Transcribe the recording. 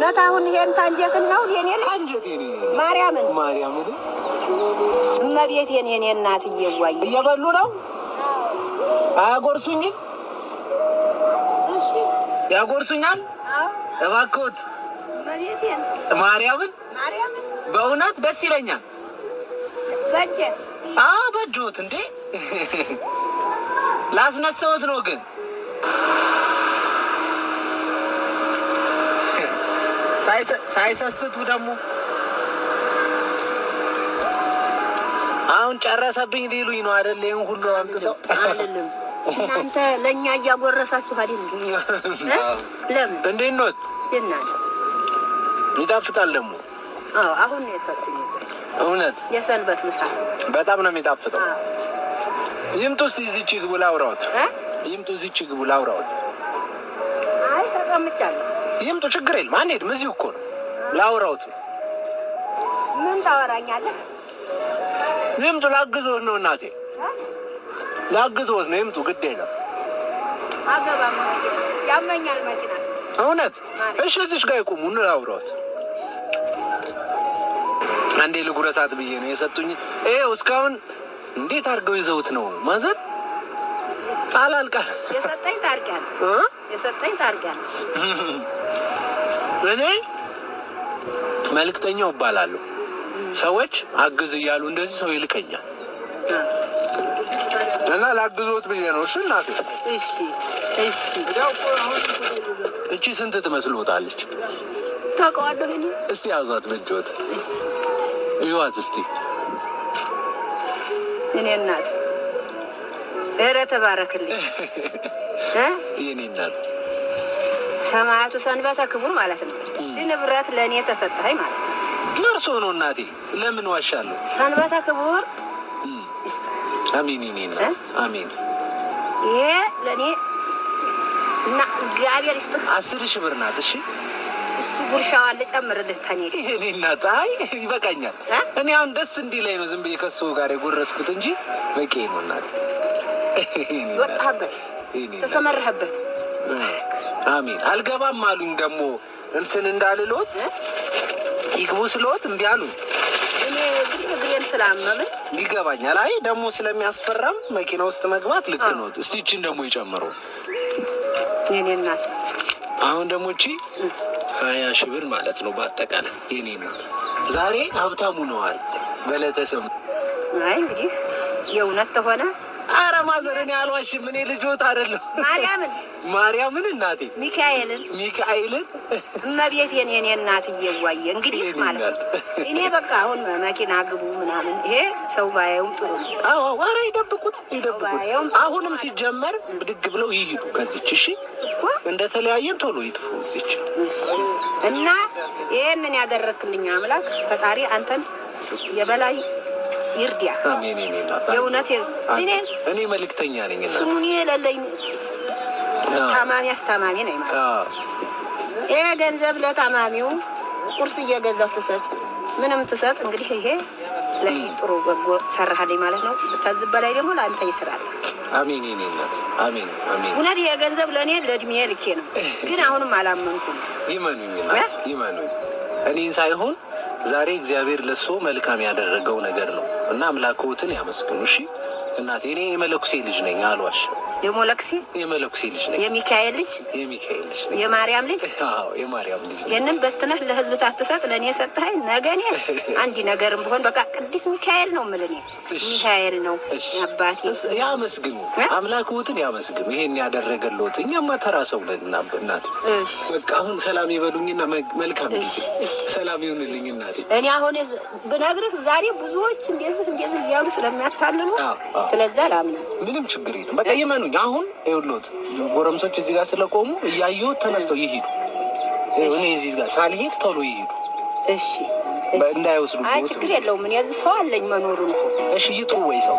እውነት አሁን ይሄን ታንጀትን ነው የኔ ማርያምን ማርያምን እመቤቴን የኔ እናት እየዋይ እየበሉ ነው። አያጎርሱኝ ያጎርሱኛል? እባክዎት ማርያምን በእውነት ደስ ይለኛል። በጀ በጆት እንዴ ላስነሳዎት ነው ግን ሳይሰስቱ ደግሞ አሁን ጨረሰብኝ ሊሉኝ ነው አይደል? ይህን ሁሉ አምጥተው አይደለም እናንተ ለእኛ እያጎረሳችሁ አይደለም። ለምን እንዴት ነው ይጣፍጣል ደግሞ አሁን የሰጡኝ እውነት የሰንበት ምሳ በጣም ነው የሚጣፍጠው። ይምጡ እስኪ እዚህች ግቡ ላውራዎት። ይምጡ እዚህች ግቡ ላውራዎት። አይ ተቀምጫለሁ ይምጡ፣ ችግር የለም። አንሄድም፣ እዚሁ እኮ ነው። ላውራውት ምን ታወራኛለህ? ይምጡ፣ ላግዞት ነው እናቴ፣ ላግዞት ነው። ይምጡ፣ ግድ የለም። አገባም ያመኛል መኪና እውነት። እሺ፣ እዚሽ ጋር ይቁሙ፣ ላውራውት አንዴ ልጉረሳት ብዬ ነው የሰጡኝ። ይኸው እስካሁን እንዴት አድርገው ይዘውት ነው ማዘር አላልቃል የሰጠኝ ታርቂያል የሰጠኝ ታርጋለሽ። እኔ እባላለሁ። ሰዎች አግዝ እያሉ እንደዚህ ሰው ይልከኛል እና ላግዞት ብዬ ነው። እሺ እናቴ፣ እቺ ስንት ትመስሎታለች? ታውቀዋለሁ። እስቲ ያዟት በእጅዎት ይዋት እስቲ እኔ እናት ኧረ ተባረክልኝ የኔ እናት። ሰማያቱ ሰንበተ ክቡር ማለት ነው። ይህ ንብረት ለእኔ ተሰጠኸኝ ማለት ነው። ለእርሱ ነው እናቴ፣ ለምን ዋሻለሁ? ሰንበተ ክቡር አሚን። የኔ እናት አሜን። ይሄ ለእኔ እና እግዚአብሔር ይስጥህ። አስር ሺህ ብር ናት። እሺ እሱ ጉርሻዋ ልጨምር ተኔ የኔ እናት፣ አይ ይበቃኛል። እኔ አሁን ደስ እንዲህ ላይ ነው ዝም ብዬ ከሱ ጋር የጎረስኩት እንጂ በቂ ነው እናት። ወጣህበት፣ ተሰመረህበት። አሚን። አልገባም አሉኝ። ደግሞ እንትን እንዳልሎት ይግቡ ስሎት እምቢ አሉ። እግሬን ይገባኛል። አይ ደግሞ ስለሚያስፈራም መኪና ውስጥ መግባት ልክ ነው። እስቲ ይችን ደግሞ ይጨምሩ። አሁን ደግሞ እቺ ሀያ ሺህ ብር ማለት ነው በአጠቃላይ የኔ ናት። ዛሬ ሀብታሙ ነዋል በለተሰሙ እንግዲህ የእውነት ተሆነ ኧረ ማዘር እኔ አልዋሽም። እኔ ልጆት አይደለሁ። ማርያምን ማርያምን እናቴ ሚካኤልን ሚካኤልን እመቤቴን የኔ እናት እየዋየ እንግዲህ ማለት እኔ በቃ አሁን መኪና ግቡ ምናምን ይሄ ሰው ባየውም ጥሩ ነው። ኧረ ይደብቁት ይደብቁት። አሁንም ሲጀመር ብድግ ብለው ይሂዱ ከዚች። እሺ እንደተለያየን ቶሎ ይጥፉ ዚች እና ይህንን ያደረክልኝ አምላክ ፈጣሪ አንተን የበላይ ይርዳ። የእውነት እኔ እኔ መልክተኛ ነኝ። ስሙን የሌለኝ ታማሚ አስታማሚ ነኝ ማለት ይሄ ገንዘብ ለታማሚው ቁርስ እየገዛው ትሰጥ ምንም ትሰጥ። እንግዲህ ይሄ ጥሩ በጎ ሰራሃልኝ ማለት ነው። ከዚህ በላይ ደግሞ ለአንተ ይስራል። አሜን ኔነት አሜን አሜን። እውነት ይሄ ገንዘብ ለእኔ ለእድሜ ልኬ ነው፣ ግን አሁንም አላመንኩም። ይመኑኝና ይመኑኝ እኔን ሳይሆን ዛሬ እግዚአብሔር ለሱ መልካም ያደረገው ነገር ነው። እና አምላክዎትን ያመስግኑ። እሺ እናቴ እኔ የመለኩሴ ልጅ ነኝ፣ አሏሽ። የሞለክሴ የመለኩሴ ልጅ ነኝ፣ የሚካኤል ልጅ የሚካኤል ልጅ ነኝ፣ የማርያም ልጅ አዎ፣ የማርያም ልጅ ነኝ። ይህንን በትነህ ለህዝብ ታትሰጥ ለእኔ ሰጠኸኝ። ነገ እኔ አንድ ነገርም ብሆን በቃ ቅዱስ ሚካኤል ነው የምልህ። ሚካኤል ነው አባቴ። ያመስግኑ አምላክዎትን ያመስግኑ፣ ይሄን ያደረገልዎት። እኛማ ተራ ሰው ነና እናት። በቃ አሁን ሰላም ይበሉኝና መልካም ጊዜ። ሰላም ይሁንልኝ እናቴ። እኔ አሁን ብነግርህ ዛሬ ብዙዎች እንደዚህ እንደ እያሉ ስለሚያታልሉ ስለዛ ላምነ ምንም ችግር የለም። በቃ ይመኑኝ። አሁን ይኸውልዎት ጎረምሶች እዚህ ጋር ስለቆሙ እያየሁት ተነስተው ይሄዱ። እኔ እዚህ ጋር ሳልሄድ ቶሎ ይሄዱ። እሺ እንዳይወስዱ። አይ ችግር የለውም። ምን እዚህ ሰው አለኝ መኖሩን። እሺ ይጡ ወይ ሰው